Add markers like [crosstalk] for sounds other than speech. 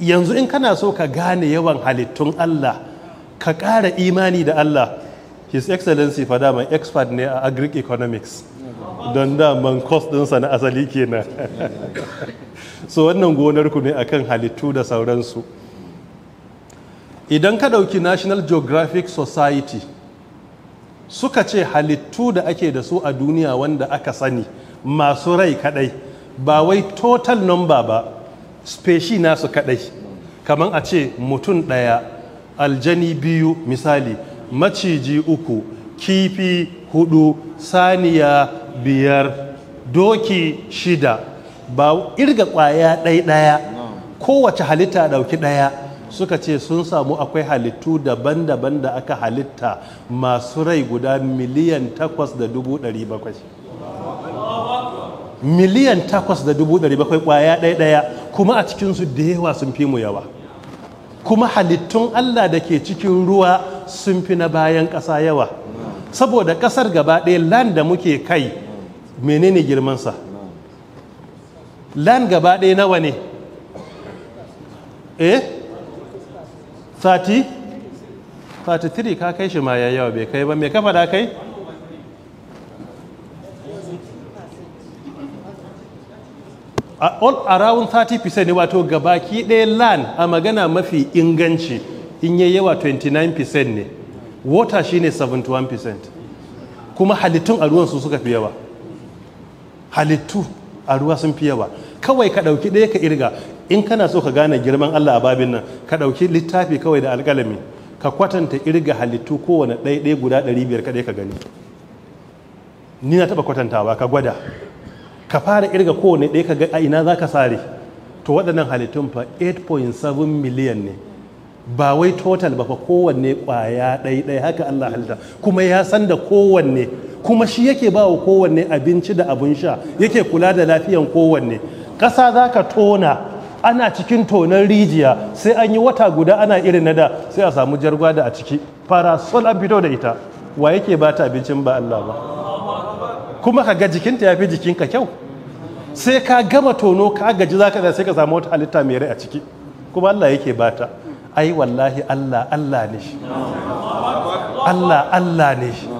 yanzu in kana so ka gane yawan halittun Allah ka ƙara imani da Allah his excellency fada mai expert ne a agric economics don daman cost dinsa na asali kenan [laughs] so wannan gonarku ne akan halittu da sauransu idan ka ɗauki national geographic society suka ce halittu da ake da su a duniya wanda aka sani masu rai kadai ba wai total number ba speshi nasu kadai kamar a ce mutum ɗaya aljani biyu misali maciji uku kifi hudu saniya biyar doki shida ba irga kwaya ɗai ɗaya kowace halitta ɗauki ɗaya suka ce sun samu akwai halittu daban-daban da aka halitta masu rai guda miliyan takwas da dubu ɗari bakwai miliyan takwas da dubu ɗari bakwai kwaya daya ɗaya kuma a cikinsu da yawa sun fi mu yawa kuma halittun Allah da ke cikin ruwa sun fi na bayan ƙasa yawa saboda ƙasar gaba ɗaya land da muke kai menene girmansa land gaba ɗaya nawa ne eh 30 33 ka kai shi ma yawa bai kai ba mai kafa da kai all around 30% percent wato gabaki ɗaya land a magana mafi inganci in yi yawa 29% ne water shine 71% kuma halittun a ruwan su suka fi yawa halittu a ruwa sun fi yawa kawai ka ɗauki ɗaya ka irga in kana so ka gane girman Allah a babin nan ka ɗauki littafi kawai da alƙalami ka kwatanta irga halittu kowane ɗaya ɗaya guda ɗari biyar kaɗai ka gani ni na taɓa kwatantawa ka gwada ka fara irga kowane ɗaya ka ga a ina za ka sare to waɗannan halittun fa 8.7 miliyan ne ba wai total ba fa kowanne ƙwaya ɗaiɗai haka Allah halitta kuma ya san da kowanne kuma shi yake ba wa kowanne abinci da abin sha yake kula da lafiyan kowanne ƙasa za ka tona ana cikin tonon rijiya sai an yi wata guda ana irin na da sai a samu da a ciki farasol an fito da ita wa yake ba ta abincin ba Allah ba kuma ka ga jikinta ya fi jikinka kyau sai ka gama tono ka gaji za ka sai ka samu wata halitta mai rai a ciki kuma Allah yake bata ai wallahi Allah Allah ne Allah Allah ne shi